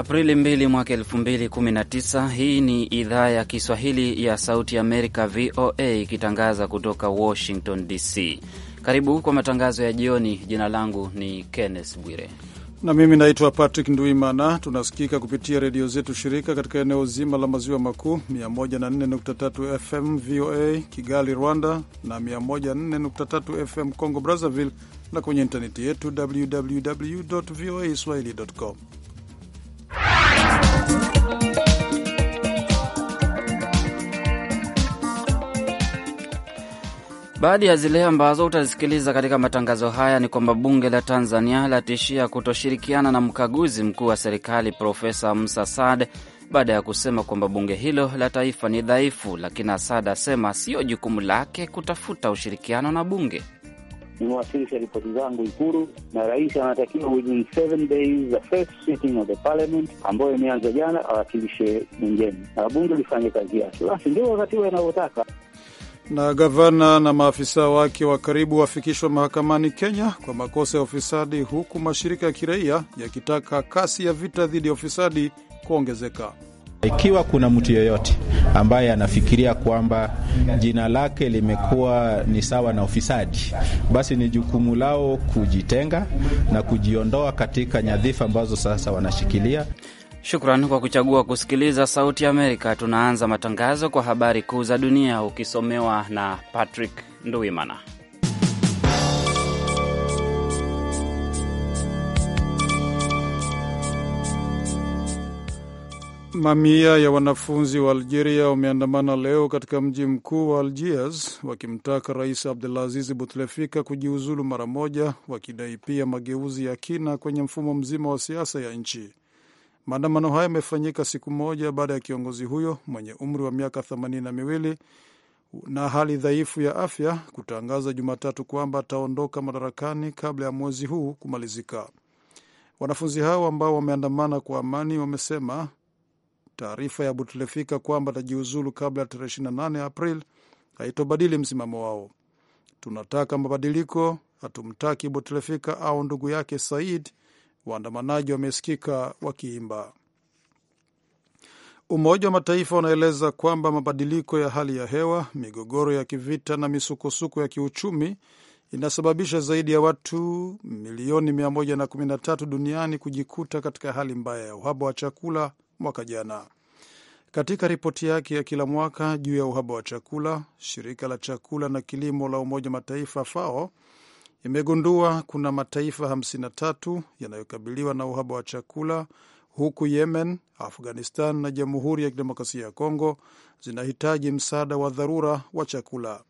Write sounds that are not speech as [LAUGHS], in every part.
Aprili 2 mwaka 2019. Hii ni idhaa ya Kiswahili ya Sauti Amerika, VOA, ikitangaza kutoka Washington DC. Karibu kwa matangazo ya jioni. Jina langu ni Kenneth Bwire na mimi naitwa Patrick Nduimana. Tunasikika kupitia redio zetu shirika katika eneo zima la maziwa makuu, 104.3 FM VOA Kigali, Rwanda, na 104.3 FM Congo Brazzaville, na kwenye intaneti yetu www voa swahili.com. Baadhi ya zile ambazo utazisikiliza katika matangazo haya ni kwamba bunge la Tanzania latishia kutoshirikiana na mkaguzi mkuu wa serikali Profesa Musa Saad baada ya kusema kwamba bunge hilo la taifa ni dhaifu, lakini Asad asema siyo jukumu lake kutafuta ushirikiano na bunge nimewasilisha ripoti zangu Ikuru na rais anatakiwa within seven days the first sitting of the parliament ambayo imeanza jana awakilishe bungeni na bunge lifanye kazi yake, basi ndio katiba inavyotaka. Na gavana na maafisa wake wa karibu wafikishwa mahakamani Kenya kwa makosa ya ufisadi, huku mashirika ya kiraia yakitaka kasi ya vita dhidi ya ufisadi kuongezeka. Ikiwa kuna mtu yoyote ambaye anafikiria kwamba jina lake limekuwa ni sawa na ufisadi, basi ni jukumu lao kujitenga na kujiondoa katika nyadhifa ambazo sasa wanashikilia. Shukran kwa kuchagua kusikiliza Sauti ya Amerika. Tunaanza matangazo kwa habari kuu za dunia, ukisomewa na Patrick Nduimana. Mamia ya wanafunzi wa Algeria wameandamana leo katika mji mkuu wa Algiers wakimtaka Rais Abdelaziz butlefika kujiuzulu mara moja, wakidai pia mageuzi ya kina kwenye mfumo mzima wa siasa ya nchi. Maandamano haya yamefanyika siku moja baada ya kiongozi huyo mwenye umri wa miaka themanini na miwili na hali dhaifu ya afya kutangaza Jumatatu kwamba ataondoka madarakani kabla ya mwezi huu kumalizika. Wanafunzi hao ambao wameandamana kwa amani wamesema Taarifa ya Butlefika kwamba atajiuzulu kabla ya tarehe 28 April haitobadili msimamo wao. Tunataka mabadiliko, hatumtaki Butlefika au ndugu yake Said, waandamanaji wamesikika wakiimba. Umoja wa Mataifa unaeleza kwamba mabadiliko ya hali ya hewa, migogoro ya kivita na misukosuko ya kiuchumi inasababisha zaidi ya watu milioni 113 duniani kujikuta katika hali mbaya ya uhaba wa chakula mwaka jana. Katika ripoti yake ya kila mwaka juu ya uhaba wa chakula, shirika la chakula na kilimo la Umoja Mataifa FAO imegundua kuna mataifa 53 yanayokabiliwa na uhaba wa chakula, huku Yemen, Afghanistan na Jamhuri ya Kidemokrasia ya Kongo zinahitaji msaada wa dharura wa chakula.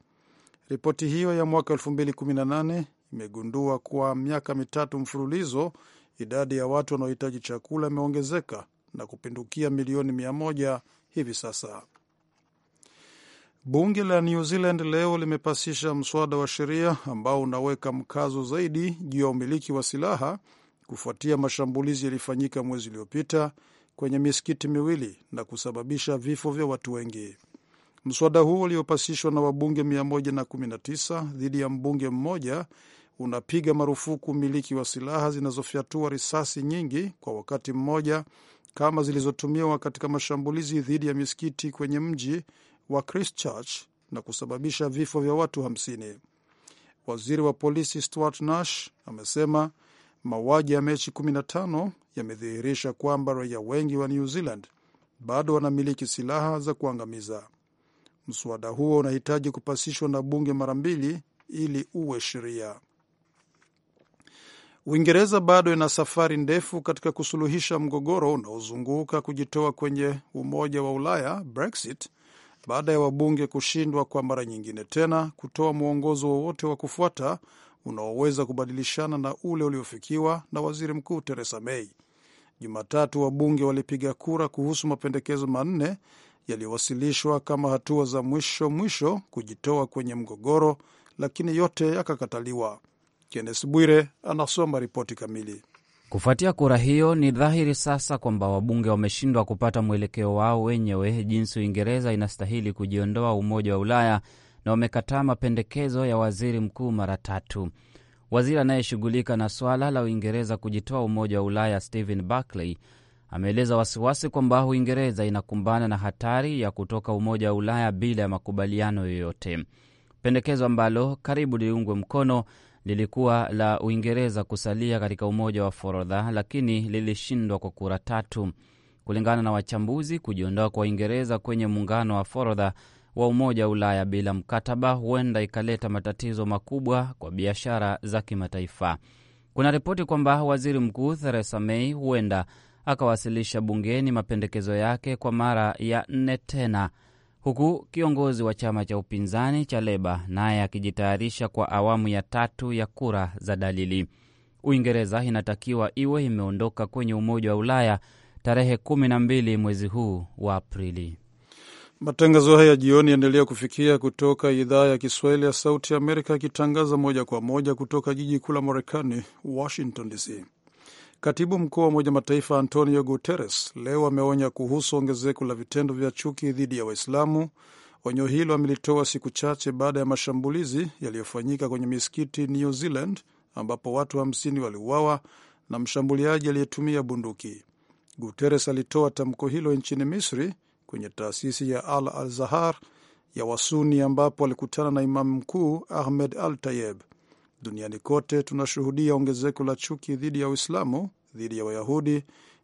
Ripoti hiyo ya mwaka 2018 imegundua kwa miaka mitatu mfululizo idadi ya watu wanaohitaji chakula imeongezeka na kupindukia milioni mia moja hivi sasa. Bunge la New Zealand leo limepasisha mswada wa sheria ambao unaweka mkazo zaidi juu ya umiliki wa silaha kufuatia mashambulizi yaliyofanyika mwezi uliopita kwenye misikiti miwili na kusababisha vifo vya watu wengi. Mswada huo uliopasishwa na wabunge 119 dhidi ya mbunge mmoja unapiga marufuku umiliki wa silaha zinazofyatua risasi nyingi kwa wakati mmoja kama zilizotumiwa katika mashambulizi dhidi ya misikiti kwenye mji wa Christchurch na kusababisha vifo vya watu hamsini. Waziri wa polisi Stuart Nash amesema mauaji ya mechi 15 yamedhihirisha kwamba raia wengi wa New Zealand bado wanamiliki silaha za kuangamiza. Mswada huo unahitaji kupasishwa na bunge mara mbili ili uwe sheria. Uingereza bado ina safari ndefu katika kusuluhisha mgogoro unaozunguka kujitoa kwenye Umoja wa Ulaya, Brexit, baada ya wabunge kushindwa kwa mara nyingine tena kutoa mwongozo wowote wa kufuata unaoweza kubadilishana na ule uliofikiwa na waziri mkuu Theresa May. Jumatatu wabunge walipiga kura kuhusu mapendekezo manne yaliyowasilishwa kama hatua za mwisho mwisho kujitoa kwenye mgogoro, lakini yote yakakataliwa. Kennes Bwire anasoma ripoti kamili. Kufuatia kura hiyo, ni dhahiri sasa kwamba wabunge wameshindwa kupata mwelekeo wao wenyewe jinsi Uingereza inastahili kujiondoa Umoja wa Ulaya, na wamekataa mapendekezo ya waziri mkuu mara tatu. Waziri anayeshughulika na swala la Uingereza kujitoa Umoja wa Ulaya, Stephen Barclay, ameeleza wasiwasi kwamba Uingereza inakumbana na hatari ya kutoka Umoja wa Ulaya bila ya makubaliano yoyote, pendekezo ambalo karibu liungwe mkono lilikuwa la Uingereza kusalia katika umoja wa forodha, lakini lilishindwa kwa kura tatu. Kulingana na wachambuzi, kujiondoa kwa Uingereza kwenye muungano wa forodha wa Umoja wa Ulaya bila mkataba huenda ikaleta matatizo makubwa kwa biashara za kimataifa. Kuna ripoti kwamba waziri mkuu Theresa May huenda akawasilisha bungeni mapendekezo yake kwa mara ya nne tena huku kiongozi wa chama cha upinzani cha Leba naye akijitayarisha kwa awamu ya tatu ya kura za dalili. Uingereza inatakiwa iwe imeondoka kwenye Umoja wa Ulaya tarehe kumi na mbili mwezi huu wa Aprili. Matangazo haya ya jioni yaendelea kufikia kutoka idhaa ya Kiswahili ya Sauti ya Amerika, yakitangaza moja kwa moja kutoka jiji kuu la Marekani, Washington DC. Katibu mkuu wa Umoja Mataifa Antonio Guterres leo ameonya kuhusu ongezeko la vitendo vya chuki dhidi ya Waislamu. Onyo hilo amelitoa siku chache baada ya mashambulizi yaliyofanyika kwenye misikiti New Zealand, ambapo watu 50 waliuawa na mshambuliaji aliyetumia bunduki. Guterres alitoa tamko hilo nchini Misri kwenye taasisi ya Al Azhar ya Wasuni, ambapo alikutana na imamu mkuu Ahmed Al Tayeb. Duniani kote tunashuhudia ongezeko la chuki dhidi ya Uislamu, dhidi ya Wayahudi,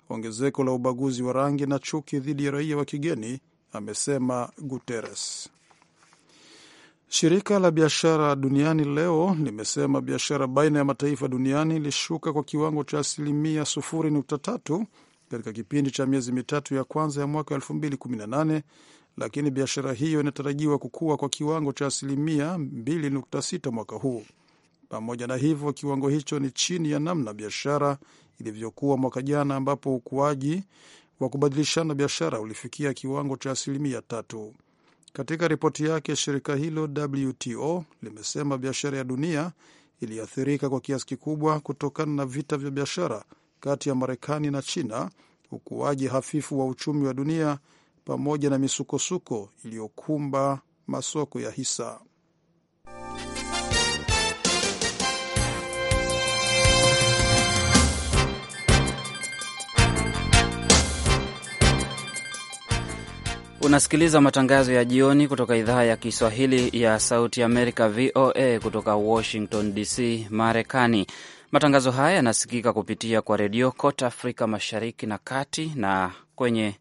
ongezeko la ubaguzi wa rangi na chuki dhidi ya raia wa kigeni, amesema Guterres. Shirika la biashara duniani leo limesema biashara baina ya mataifa duniani ilishuka kwa kiwango cha asilimia 0.3 katika kipindi cha miezi mitatu ya kwanza ya mwaka 2018 lakini biashara hiyo inatarajiwa kukua kwa kiwango cha asilimia 2.6 mwaka huu. Pamoja na hivyo, kiwango hicho ni chini ya namna biashara ilivyokuwa mwaka jana, ambapo ukuaji wa kubadilishana biashara ulifikia kiwango cha asilimia tatu. Katika ripoti yake, shirika hilo WTO limesema biashara ya dunia iliathirika kwa kiasi kikubwa kutokana na vita vya biashara kati ya Marekani na China, ukuaji hafifu wa uchumi wa dunia pamoja na misukosuko iliyokumba masoko ya hisa. Unasikiliza matangazo ya jioni kutoka idhaa ya Kiswahili ya Sauti Amerika, VOA, kutoka Washington DC, Marekani. Matangazo haya yanasikika kupitia kwa redio kote Afrika Mashariki na Kati na kwenye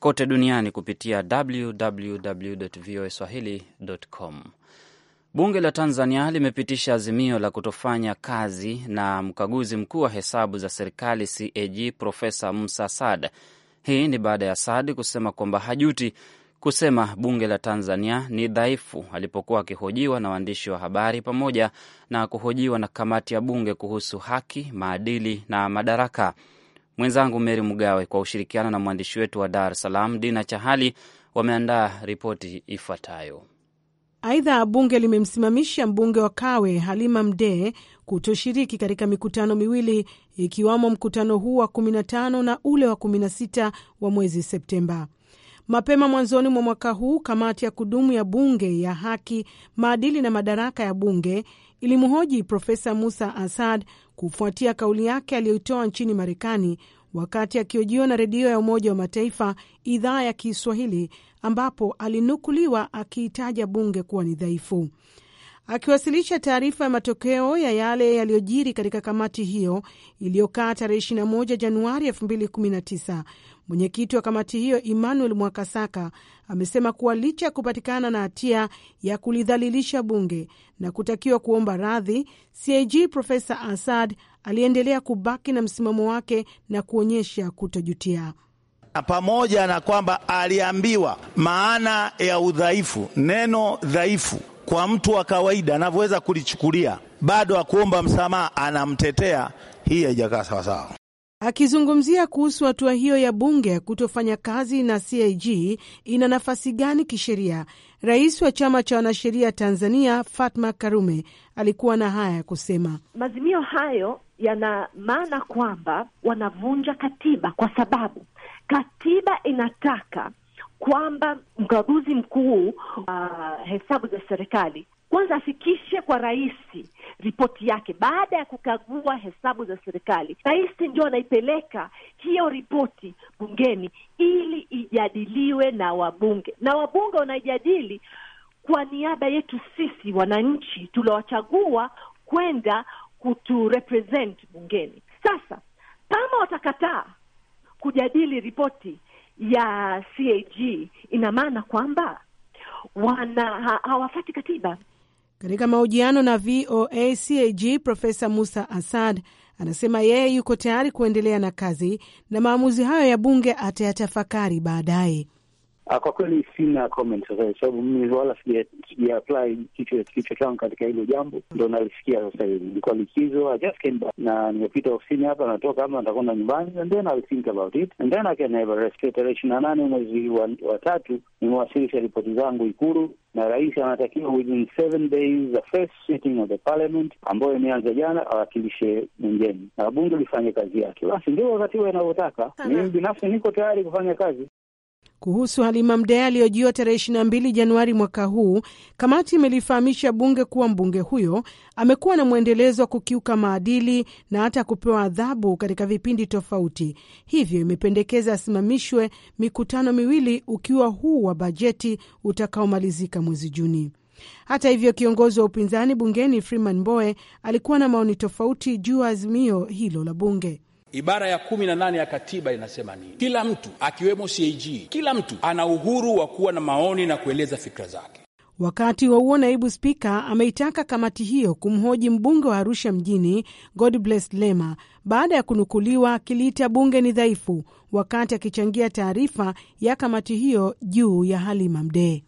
kote duniani kupitia www voa swahili.com. Bunge la Tanzania limepitisha azimio la kutofanya kazi na mkaguzi mkuu wa hesabu za serikali CAG Profesa Musa Sada hii ni baada ya Saadi kusema kwamba hajuti kusema bunge la Tanzania ni dhaifu alipokuwa akihojiwa na waandishi wa habari pamoja na kuhojiwa na kamati ya bunge kuhusu haki, maadili na madaraka. Mwenzangu Meri Mgawe kwa ushirikiano na mwandishi wetu wa Dar es Salaam Dina Chahali wameandaa ripoti ifuatayo. Aidha, bunge limemsimamisha mbunge wa Kawe Halima Mdee kutoshiriki katika mikutano miwili ikiwamo mkutano huu wa 15 na ule wa 16 wa mwezi Septemba. Mapema mwanzoni mwa mwaka huu, kamati ya kudumu ya bunge ya haki, maadili na madaraka ya bunge ilimhoji Profesa Musa Asad kufuatia kauli yake aliyoitoa nchini Marekani wakati akiojiwa na redio ya Umoja wa Mataifa idhaa ya Kiswahili, ambapo alinukuliwa akiitaja bunge kuwa ni dhaifu. Akiwasilisha taarifa ya matokeo ya yale yaliyojiri katika kamati hiyo iliyokaa tarehe 21 Januari 2019, mwenyekiti wa kamati hiyo Emmanuel Mwakasaka amesema kuwa licha ya kupatikana na hatia ya kulidhalilisha bunge na kutakiwa kuomba radhi, CAG Profesa Assad aliendelea kubaki na msimamo wake na kuonyesha kutojutia pamoja na kwamba aliambiwa maana ya udhaifu, neno dhaifu kwa mtu wa kawaida anavyoweza kulichukulia, bado akuomba msamaha, anamtetea. Hii haijakaa sawasawa. Akizungumzia kuhusu hatua hiyo ya bunge ya kutofanya kazi na CAG ina nafasi gani kisheria, rais wa chama cha wanasheria Tanzania Fatma Karume alikuwa na haya ya kusema. Maazimio hayo yana maana kwamba wanavunja katiba, kwa sababu katiba inataka kwamba mkaguzi mkuu uh, hesabu za serikali kwanza afikishe kwa rais ripoti yake. Baada ya kukagua hesabu za serikali, rais ndio anaipeleka hiyo ripoti bungeni ili ijadiliwe na wabunge, na wabunge wanaijadili kwa niaba yetu sisi wananchi tuliowachagua kwenda kuturepresent bungeni. Sasa kama watakataa kujadili ripoti ya CAG, ina maana kwamba wana ha, hawafati katiba. Katika mahojiano na VOA CAG, Profesa Musa Asad anasema yeye yuko tayari kuendelea na kazi na maamuzi hayo ya bunge atayatafakari baadaye. Ah, kwa kweli sina comment sasa hivi, sababu mimi wala sija kichwa changu katika hilo jambo, ndo nalisikia sasa hivi. Nilikuwa likizo, I just came back na nimepita ofisini hapa, natoka ama nitakwenda nyumbani and then I'll think about it and then I can have a rest. Tarehe ishirini na nane mwezi wa tatu nimewasilisha ripoti zangu Ikuru na rais anatakiwa within seven days the first sitting of the parliament ambayo imeanza jana awakilishe bungeni na bunge lifanye kazi yake. Basi ndio wakati huo anavyotaka. Mimi binafsi niko tayari kufanya kazi. Kuhusu Halima Mdee aliyojiwa tarehe 22 Januari mwaka huu, kamati imelifahamisha bunge kuwa mbunge huyo amekuwa na mwendelezo wa kukiuka maadili na hata kupewa adhabu katika vipindi tofauti. Hivyo imependekeza asimamishwe mikutano miwili ukiwa huu wa bajeti utakaomalizika mwezi Juni. Hata hivyo, kiongozi wa upinzani bungeni Freeman Mbowe alikuwa na maoni tofauti juu ya azimio hilo la bunge. Ibara ya kumi na nane ya katiba inasema nini? Kila mtu akiwemo CAG, kila mtu ana uhuru wa kuwa na maoni na kueleza fikra zake. Wakati wa huo, naibu spika ameitaka kamati hiyo kumhoji mbunge wa Arusha mjini Bless Lema baada ya kunukuliwa akiliita bunge ni dhaifu wakati akichangia taarifa ya kamati hiyo juu ya Halima Mdee.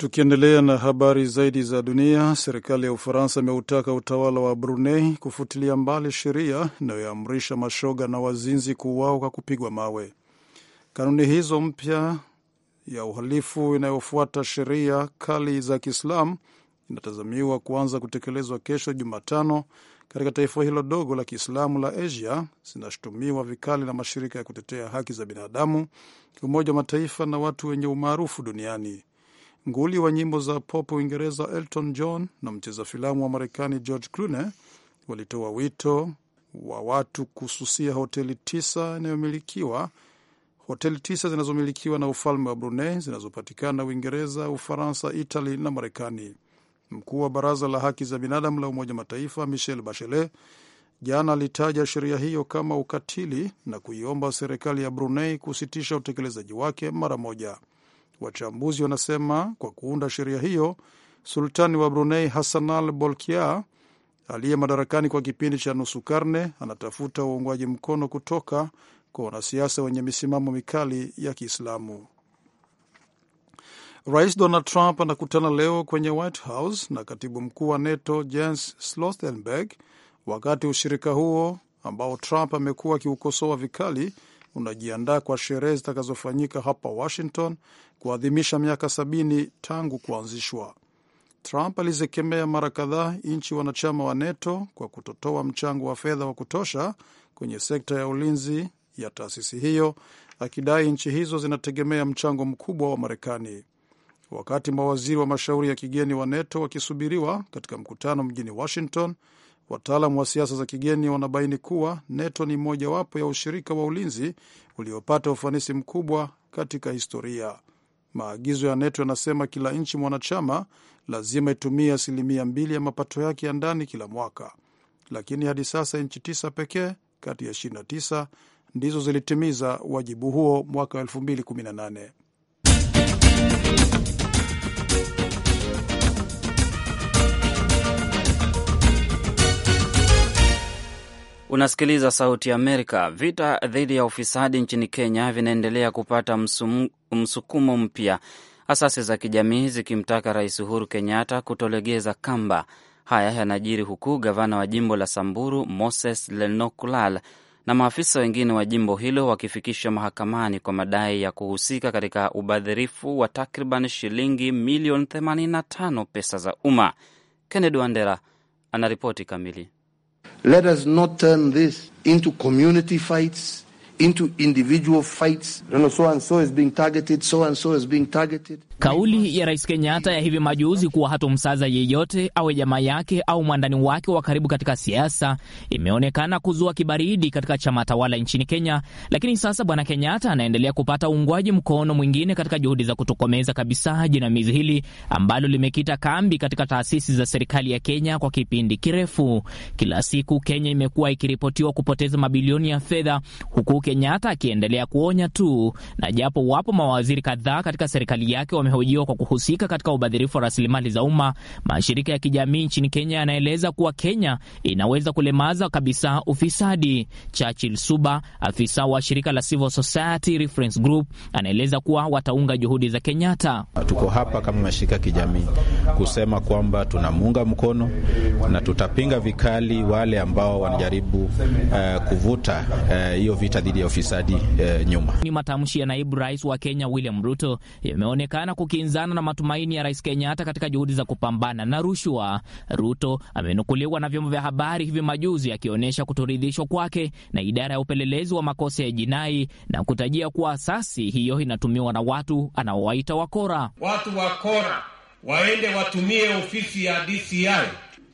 Tukiendelea na habari zaidi za dunia, serikali ya Ufaransa imeutaka utawala wa Brunei kufutilia mbali sheria inayoamrisha mashoga na wazinzi kuuawa kwa kupigwa mawe. Kanuni hizo mpya ya uhalifu inayofuata sheria kali za Kiislamu inatazamiwa kuanza kutekelezwa kesho Jumatano katika taifa hilo dogo la Kiislamu la Asia. Zinashutumiwa vikali na mashirika ya kutetea haki za binadamu, Umoja wa Mataifa na watu wenye umaarufu duniani nguli wa nyimbo za pop Uingereza Elton John na mcheza filamu wa Marekani George Clooney walitoa wito wa watu kususia hoteli tisa inayomilikiwa hoteli tisa zinazomilikiwa na ufalme wa Brunei zinazopatikana Uingereza, Ufaransa, Itali na Marekani. Mkuu wa baraza la haki za binadamu la Umoja Mataifa michel Bachelet jana alitaja sheria hiyo kama ukatili na kuiomba serikali ya Brunei kusitisha utekelezaji wake mara moja. Wachambuzi wanasema kwa kuunda sheria hiyo, sultani wa Brunei hassanal bolkia Bolkiah aliye madarakani kwa kipindi cha nusu karne anatafuta uungwaji mkono kutoka kwa wanasiasa wenye misimamo mikali ya Kiislamu. Rais Donald Trump anakutana leo kwenye White House na katibu mkuu wa NATO Jens Stoltenberg, wakati ushirika huo ambao Trump amekuwa akiukosoa vikali unajiandaa kwa sherehe zitakazofanyika hapa Washington kuadhimisha miaka sabini tangu kuanzishwa. Trump alizikemea mara kadhaa nchi wanachama wa NATO kwa kutotoa mchango wa fedha wa kutosha kwenye sekta ya ulinzi ya taasisi hiyo, akidai nchi hizo zinategemea mchango mkubwa wa Marekani. Wakati mawaziri wa mashauri ya kigeni wa NATO wakisubiriwa katika mkutano mjini Washington, Wataalam wa siasa za kigeni wanabaini kuwa NATO ni mojawapo ya ushirika wa ulinzi uliopata ufanisi mkubwa katika historia. Maagizo ya NATO yanasema kila nchi mwanachama lazima itumie asilimia mbili ya mapato yake ya ndani kila mwaka, lakini hadi sasa nchi tisa pekee kati ya 29 ndizo zilitimiza wajibu huo mwaka 2018. Unasikiliza Sauti ya Amerika. Vita dhidi ya ufisadi nchini Kenya vinaendelea kupata msum, msukumo mpya, asasi za kijamii zikimtaka Rais Uhuru Kenyatta kutolegeza kamba. Haya yanajiri huku gavana wa jimbo la Samburu Moses Lenokulal na maafisa wengine wa jimbo hilo wakifikishwa mahakamani kwa madai ya kuhusika katika ubadhirifu wa takriban shilingi milioni 85 pesa za umma. Kennedy Wandera anaripoti kamili. Let us not turn this into community fights, into individual fights. You know, so and so is being targeted, so and so is being targeted. Kauli ya Rais Kenyatta ya hivi majuzi kuwa hatomsaza yeyote awe jamaa yake au mwandani wake wa karibu katika siasa imeonekana kuzua kibaridi katika chama tawala nchini Kenya, lakini sasa Bwana Kenyatta anaendelea kupata uungwaji mkono mwingine katika juhudi za kutokomeza kabisa jinamizi hili ambalo limekita kambi katika taasisi za serikali ya Kenya kwa kipindi kirefu. Kila siku Kenya imekuwa ikiripotiwa kupoteza mabilioni ya fedha, huku Kenyatta akiendelea kuonya tu, na japo wapo mawaziri kadhaa katika serikali yake wa amehojiwa kwa kuhusika katika ubadhirifu wa rasilimali za umma, mashirika ya kijamii nchini Kenya yanaeleza kuwa Kenya inaweza kulemaza kabisa ufisadi. Churchill Suba, afisa wa shirika la Civil Society Reference Group, anaeleza kuwa wataunga juhudi za Kenyatta. Tuko hapa kama mashirika ya kijamii kusema kwamba tunamuunga mkono na tutapinga vikali wale ambao wanajaribu uh, kuvuta eh, hiyo uh, vita dhidi ya ufisadi uh, nyuma. Ni matamshi ya naibu rais wa Kenya William Ruto yameonekana kukinzana na matumaini ya Rais Kenyatta katika juhudi za kupambana na rushwa. Ruto amenukuliwa na vyombo vya habari hivi majuzi akionyesha kutoridhishwa kwake na idara ya upelelezi wa makosa ya jinai na kutajia kuwa asasi hiyo inatumiwa na watu anaowaita wakora. Watu wakora waende watumie ofisi ya DCI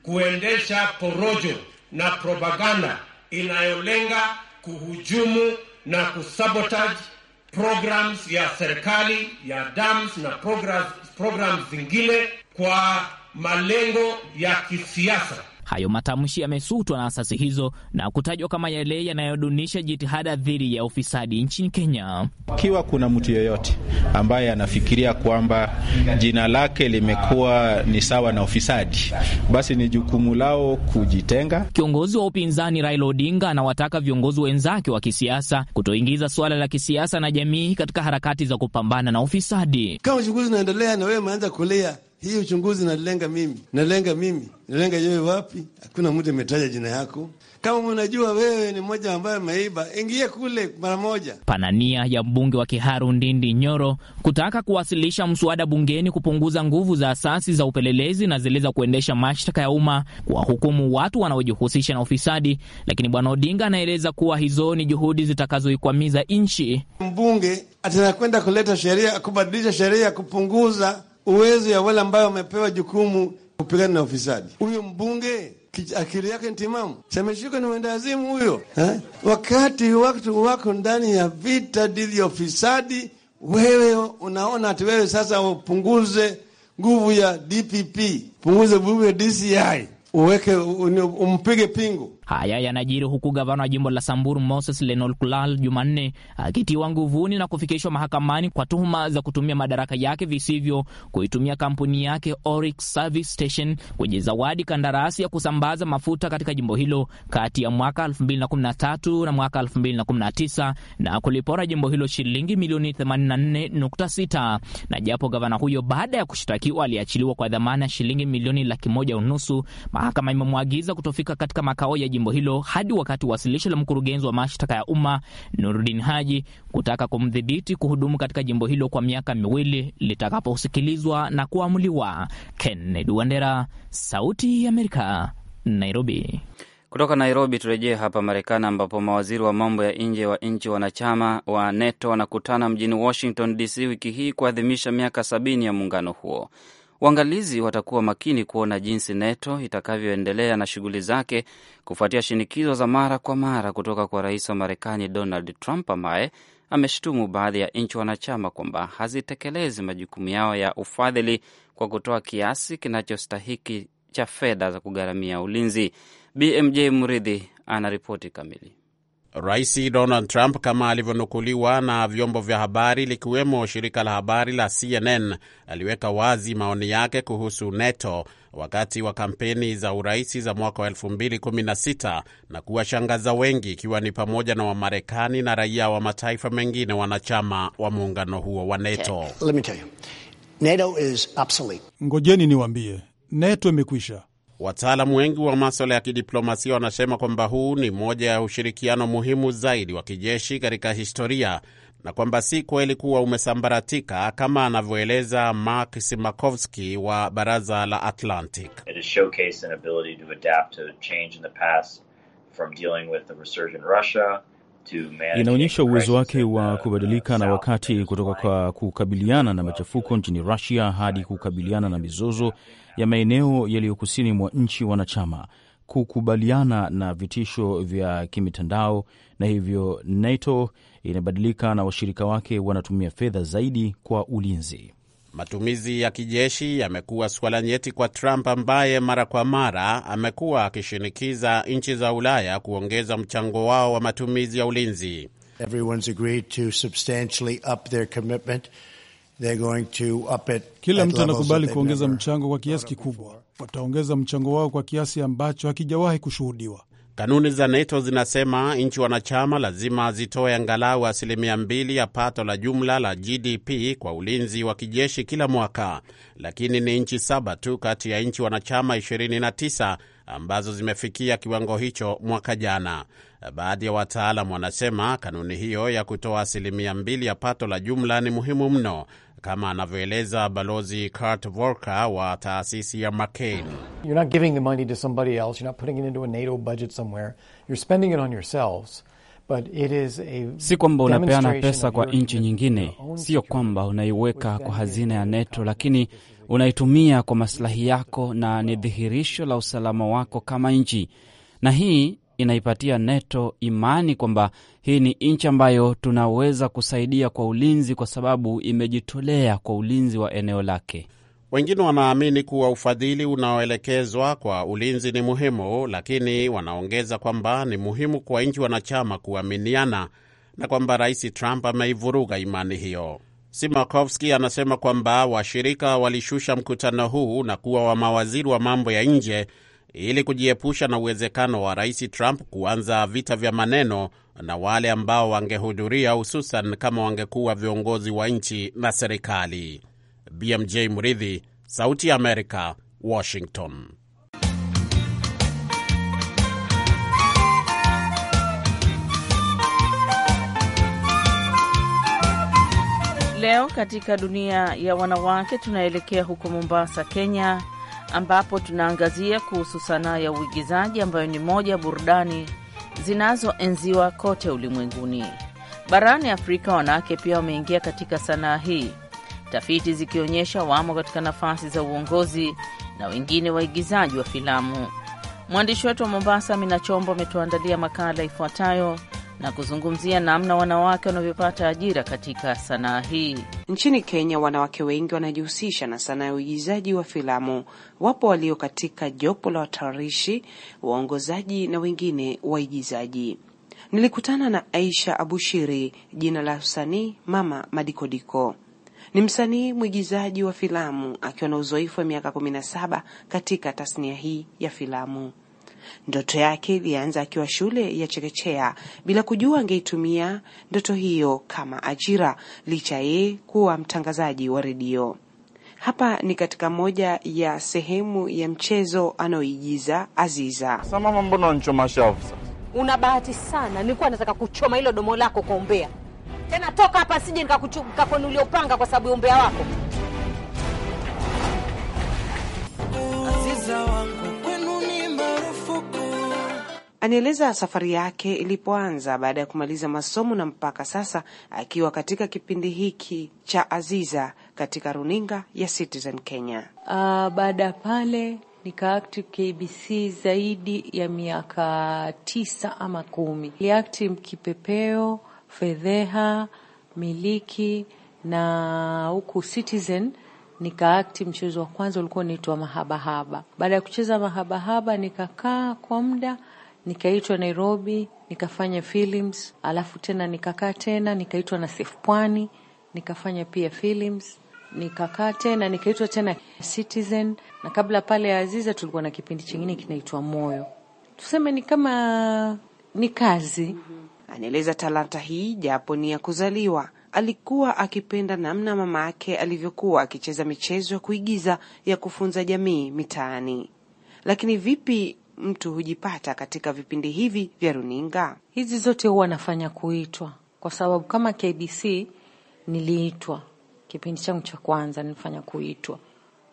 kuendesha porojo na propaganda inayolenga kuhujumu na kusabotage programs ya serikali ya dams na programs, programs zingine kwa malengo ya kisiasa. Hayo matamshi yamesutwa na asasi hizo na kutajwa kama yale yanayodunisha jitihada dhidi ya ufisadi nchini Kenya. Ikiwa kuna mtu yeyote ambaye anafikiria kwamba jina lake limekuwa ni sawa na ufisadi, basi ni jukumu lao kujitenga. Kiongozi wa upinzani Raila Odinga anawataka viongozi wenzake wa kisiasa kutoingiza suala la kisiasa na jamii katika harakati za kupambana na ufisadi. Kama uchunguzi unaendelea na wewe umeanza kulia hii uchunguzi nalenga mimi, nalenga mimi, nalenga yewe. Wapi? Hakuna mtu ametaja jina yako. Kama unajua wewe ni mmoja ambaye ameiba, ingie kule mara moja. Pana nia ya mbunge wa Kiharu Ndindi Nyoro kutaka kuwasilisha mswada bungeni kupunguza nguvu za asasi za upelelezi na zile za kuendesha mashtaka ya umma kuwahukumu watu wanaojihusisha na ufisadi, lakini bwana Odinga anaeleza kuwa hizo ni juhudi zitakazoikwamiza nchi. Mbunge atanakwenda kuleta sheria, kubadilisha sheria, kupunguza uwezo ya wale ambayo wamepewa jukumu kupigana na ufisadi. Huyo mbunge akili yake ntimamu sameshika ni mwendawazimu huyo. Eh? Wakati watu wako ndani ya vita dhidi ya ufisadi, wewe unaona ati wewe sasa upunguze nguvu ya DPP, punguze nguvu ya DCI, uweke umpige pingu Haya yanajiri huku gavana wa jimbo la Samburu Moses Lenol Kulal Jumanne akitiwa nguvuni na kufikishwa mahakamani kwa tuhuma za kutumia madaraka yake visivyo, kuitumia kampuni yake Oryx Service Station kwenye zawadi kandarasi ya kusambaza mafuta katika jimbo hilo kati ya mwaka 2013 na mwaka 2019 na kulipora jimbo hilo shilingi milioni 84.6. Na japo gavana huyo baada ya kushtakiwa aliachiliwa kwa dhamana ya shilingi milioni laki moja unusu, mahakama imemwagiza kutofika katika makao ya jimbo hilo hadi wakati wasilisho la mkurugenzi wa mashtaka ya umma Nurudin Haji kutaka kumdhibiti kuhudumu katika jimbo hilo kwa miaka miwili litakaposikilizwa na kuamuliwa. Kennedy Wandera, Sauti ya Amerika, Nairobi. Kutoka Nairobi turejee hapa Marekani, ambapo mawaziri wa mambo ya nje wa nchi wanachama wa NATO wanakutana mjini Washington DC wiki hii kuadhimisha miaka sabini ya muungano huo. Waangalizi watakuwa makini kuona jinsi NATO itakavyoendelea na shughuli zake kufuatia shinikizo za mara kwa mara kutoka kwa rais wa Marekani Donald Trump ambaye ameshutumu baadhi ya nchi wanachama kwamba hazitekelezi majukumu yao ya ufadhili kwa kutoa kiasi kinachostahiki cha fedha za kugharamia ulinzi. BMJ Mridhi ana ripoti kamili. Rais Donald Trump, kama alivyonukuliwa na vyombo vya habari likiwemo shirika la habari la CNN, aliweka wazi maoni yake kuhusu NATO wakati wa kampeni za urais za mwaka wa 2016 na kuwashangaza wengi, ikiwa ni pamoja na Wamarekani na raia wa mataifa mengine wanachama wa muungano huo wa NATO. Ngojeni niwambie NATO imekwisha. Wataalamu wengi wa maswala ya kidiplomasia wanasema kwamba huu ni moja ya ushirikiano muhimu zaidi wa kijeshi katika historia na kwamba si kweli kuwa umesambaratika kama anavyoeleza Mark Simakovski wa baraza la Atlantic. Inaonyesha uwezo wake wa uh, kubadilika na wakati, kutoka kwa kukabiliana na machafuko nchini Russia hadi kukabiliana na mizozo ya maeneo yaliyo kusini mwa nchi wanachama kukubaliana na vitisho vya kimitandao na hivyo NATO inabadilika na washirika wake wanatumia fedha zaidi kwa ulinzi. Matumizi ya kijeshi yamekuwa suala nyeti kwa Trump ambaye mara kwa mara amekuwa akishinikiza nchi za Ulaya kuongeza mchango wao wa matumizi ya ulinzi. Everyone's agreed to substantially up their commitment Going to up it kila mtu anakubali kuongeza mchango kwa kiasi kikubwa. Wataongeza mchango wao kwa kiasi ambacho hakijawahi kushuhudiwa. Kanuni za NATO zinasema nchi wanachama lazima zitoe angalau asilimia mbili ya pato la jumla la GDP kwa ulinzi wa kijeshi kila mwaka, lakini ni nchi saba tu kati ya nchi wanachama 29 ambazo zimefikia kiwango hicho mwaka jana. Baadhi ya wataalam wanasema kanuni hiyo ya kutoa asilimia mbili ya pato la jumla ni muhimu mno, kama anavyoeleza Balozi Kurt Volker wa taasisi ya McCain. Si kwamba unapeana pesa kwa nchi nyingine, sio kwamba unaiweka kwa hazina ya NATO, lakini unaitumia kwa masilahi yako, na ni dhihirisho la usalama wako kama nchi, na hii inaipatia NATO imani kwamba hii ni nchi ambayo tunaweza kusaidia kwa ulinzi, kwa sababu imejitolea kwa ulinzi wa eneo lake. Wengine wanaamini kuwa ufadhili unaoelekezwa kwa ulinzi ni muhimu, lakini wanaongeza kwamba ni muhimu kwa nchi wanachama kuaminiana na kwamba Rais Trump ameivuruga imani hiyo. Simakovski anasema kwamba washirika walishusha mkutano huu na kuwa wa mawaziri wa mambo ya nje ili kujiepusha na uwezekano wa Rais Trump kuanza vita vya maneno na wale ambao wangehudhuria, hususan kama wangekuwa viongozi wa nchi na serikali. BMJ Mridhi, Sauti ya Amerika, Washington. Leo katika dunia ya wanawake tunaelekea huko Mombasa, Kenya, ambapo tunaangazia kuhusu sanaa ya uigizaji ambayo ni moja ya burudani zinazoenziwa kote ulimwenguni. Barani Afrika, wanawake pia wameingia katika sanaa hii, tafiti zikionyesha wamo katika nafasi za uongozi na wengine waigizaji wa filamu. Mwandishi wetu wa Mombasa, Mina Chombo, ametuandalia makala ifuatayo na kuzungumzia namna wanawake wanavyopata ajira katika sanaa hii. Nchini Kenya, wanawake wengi wanajihusisha na sanaa ya uigizaji wa filamu. Wapo walio katika jopo la watayarishi, waongozaji na wengine waigizaji. Nilikutana na Aisha Abushiri, jina la usanii Mama Madikodiko. Ni msanii mwigizaji wa filamu akiwa na uzoefu wa miaka kumi na saba katika tasnia hii ya filamu. Ndoto yake ilianza akiwa shule ya chekechea bila kujua angeitumia ndoto hiyo kama ajira, licha yeye kuwa mtangazaji wa redio. Hapa ni katika moja ya sehemu ya mchezo anaoigiza Aziza. Samama, mbona unachoma shavu sasa? Una bahati sana, nilikuwa nataka kuchoma hilo domo lako kwa umbea. Tena toka hapa, sije nikakunulia upanga kwa sababu ya umbea wako. Anaeleza safari yake ilipoanza baada ya kumaliza masomo na mpaka sasa akiwa katika kipindi hiki cha Aziza katika runinga ya Citizen Kenya. Uh, baada ya pale nikaakti KBC zaidi ya miaka tisa ama kumi. Niliakti Mkipepeo, Fedheha, Miliki na huku Citizen nikaakti. Mchezo wa kwanza ulikuwa unaitwa Mahabahaba. Baada ya kucheza Mahabahaba nikakaa kwa muda nikaitwa Nairobi nikafanya films, alafu tena nikakaa tena nikaitwa na Sefu Pwani nikafanya pia films, nikakaa tena nikaitwa tena Citizen, na kabla pale ya Aziza tulikuwa na kipindi chingine kinaitwa Moyo. Tuseme ni kama ni kazi. Mm-hmm. Anaeleza talanta hii japo ni ya kuzaliwa alikuwa akipenda namna mama yake alivyokuwa akicheza michezo ya kuigiza ya kufunza jamii mitaani. Lakini vipi mtu hujipata katika vipindi hivi vya runinga? Hizi zote huwa nafanya kuitwa, kwa sababu kama KBC niliitwa kipindi changu cha kwanza, nilifanya kuitwa.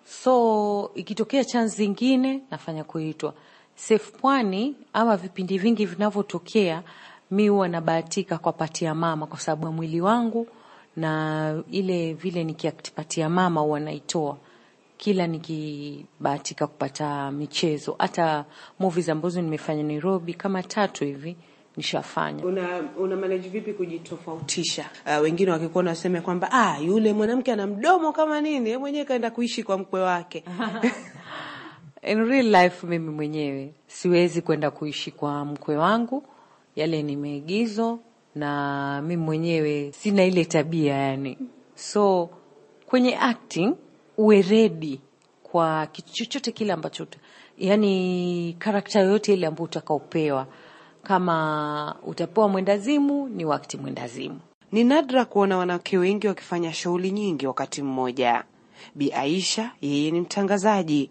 So ikitokea chan zingine nafanya kuitwa Sef Pwani ama vipindi vingi vinavyotokea, mi huwa nabahatika kwa pati ya mama, kwa sababu ya mwili wangu na ile vile ya mama huwa naitoa kila nikibahatika kupata michezo, hata movies ambazo nimefanya Nairobi kama tatu hivi nishafanya. Una, una manage vipi kujitofautisha? Uh, wengine wakikuona waseme kwamba ah, yule mwanamke ana mdomo kama nini, yeye mwenyewe kaenda kuishi kwa mkwe wake [LAUGHS] [LAUGHS] In real life mimi mwenyewe siwezi kwenda kuishi kwa mkwe wangu, yale ni maigizo, na mimi mwenyewe sina ile tabia yani, so kwenye acting uwe kwa kitu chochote kile ambacho, yani karakta yoyote ile ambayo utakaopewa. Kama utapewa mwendazimu, ni wakti mwendazimu. Ni nadra kuona wanawake wengi wakifanya shughuli nyingi wakati mmoja. Bi Aisha yeye ni mtangazaji,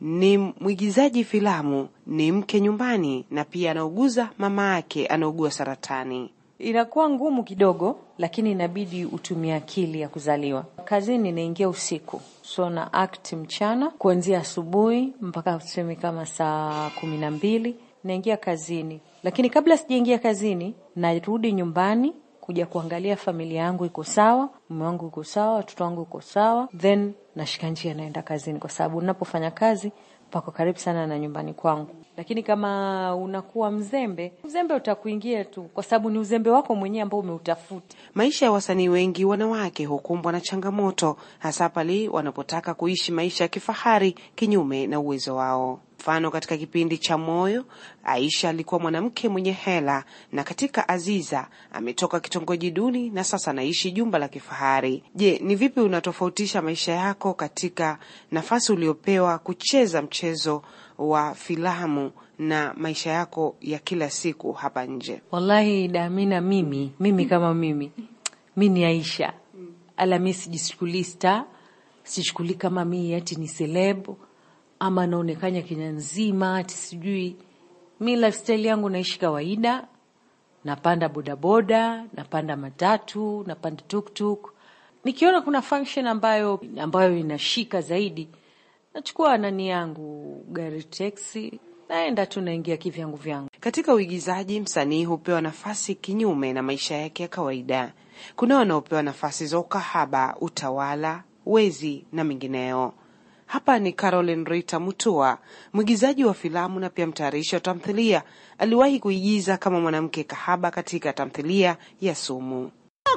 ni mwigizaji filamu, ni mke nyumbani, na pia anauguza mama yake anaugua saratani. Inakuwa ngumu kidogo, lakini inabidi utumie akili ya kuzaliwa. Kazini naingia usiku, so na act mchana kuanzia asubuhi mpaka tuseme kama saa kumi na mbili naingia kazini, lakini kabla sijaingia kazini narudi nyumbani kuja kuangalia familia yangu iko sawa, mume wangu iko sawa, watoto wangu iko sawa, then nashika njia naenda kazini, kwa sababu napofanya kazi pako karibu sana na nyumbani kwangu. Lakini kama unakuwa mzembe, uzembe utakuingia tu, kwa sababu ni uzembe wako mwenyewe ambao umeutafuta. Maisha ya wasanii wengi wanawake hukumbwa na changamoto, hasa pale wanapotaka kuishi maisha ya kifahari kinyume na uwezo wao. Mfano, katika kipindi cha Moyo, Aisha alikuwa mwanamke mwenye hela, na katika Aziza ametoka kitongoji duni na sasa anaishi jumba la kifahari. Je, ni vipi unatofautisha maisha yako katika nafasi uliopewa kucheza mchezo wa filamu na maisha yako ya kila siku hapa nje? Wallahi Damina, mimi mimi kama mimi mi ni Aisha, ala mi sijichukulii star, kama mi ati ni seleb ama naonekana Kenya nzima ati sijui. Mi lifestyle yangu naishi kawaida, napanda bodaboda, napanda matatu, napanda tuktuk. Nikiona kuna function ambayo ambayo inashika zaidi nachukua nani yangu gari teksi, naenda tu naingia kivyangu vyangu. Katika uigizaji, msanii hupewa nafasi kinyume na maisha yake ya kawaida. Kuna wanaopewa nafasi za ukahaba, utawala, wezi na mengineo. Hapa ni Caroline Rita Mutua, mwigizaji wa filamu na pia mtayarishi wa tamthilia. Aliwahi kuigiza kama mwanamke kahaba katika tamthilia ya Sumu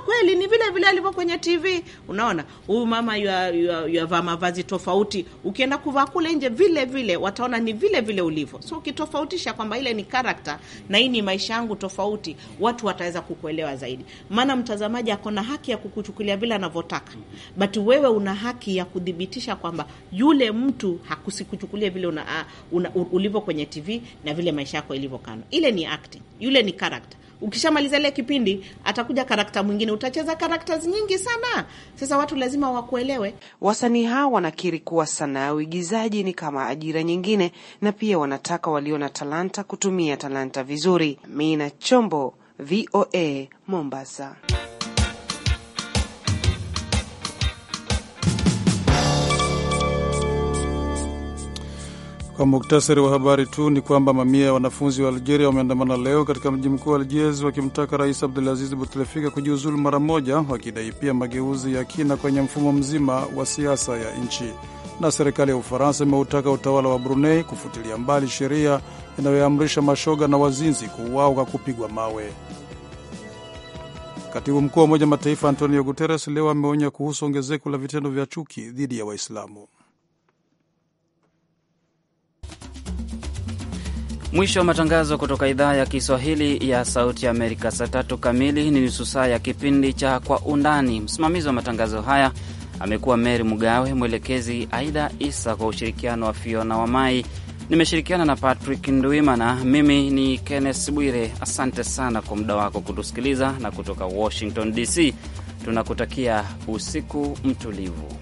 kweli ni vile vile alivyo kwenye TV. Unaona, huyu mama yavaa mavazi tofauti, ukienda kuvaa kule nje vile vile wataona ni vile vile ulivyo. So ukitofautisha kwamba ile ni karakta na hii ni maisha yangu tofauti, watu wataweza kukuelewa zaidi, maana mtazamaji ako na haki ya kukuchukulia vile anavyotaka, but wewe una haki ya kudhibitisha kwamba yule mtu hakusikuchukulia vile una, una, ulivyo kwenye TV na vile maisha yako ilivyo kano. Ile ni acting, yule ni karakta. Ukishamaliza ile kipindi, atakuja karakta mwingine, utacheza karakta nyingi sana. Sasa watu lazima wakuelewe. Wasanii hao wanakiri kuwa sanaa ya uigizaji ni kama ajira nyingine, na pia wanataka walio na talanta kutumia talanta vizuri. Mina Chombo, VOA Mombasa. Kwa muktasari wa habari tu ni kwamba mamia ya wanafunzi wa Algeria wameandamana leo katika mji mkuu wa Algiers wakimtaka Rais aziz butlefika kujiuzulu mara moja, wakidai pia mageuzi ya kina kwenye mfumo mzima wa siasa ya nchi. Na serikali ya Ufaransa imeutaka utawala wa Brunei kufutilia mbali sheria inayoamrisha mashoga na wazinzi kuuawa kwa kupigwa mawe. Katibu mkuu wa Umoja Mataifa Antonio Guterres leo ameonya kuhusu ongezeko la vitendo vya chuki dhidi ya Waislamu. Mwisho wa matangazo kutoka idhaa ya Kiswahili ya Sauti Amerika. Saa tatu kamili ni nusu saa ya kipindi cha Kwa Undani. Msimamizi wa matangazo haya amekuwa Meri Mgawe, mwelekezi Aida Isa kwa ushirikiano wa Fiona Wamai. Nimeshirikiana na Patrick Ndwimana. Mimi ni Kenneth Bwire. Asante sana kwa muda wako kutusikiliza, na kutoka Washington DC tunakutakia usiku mtulivu.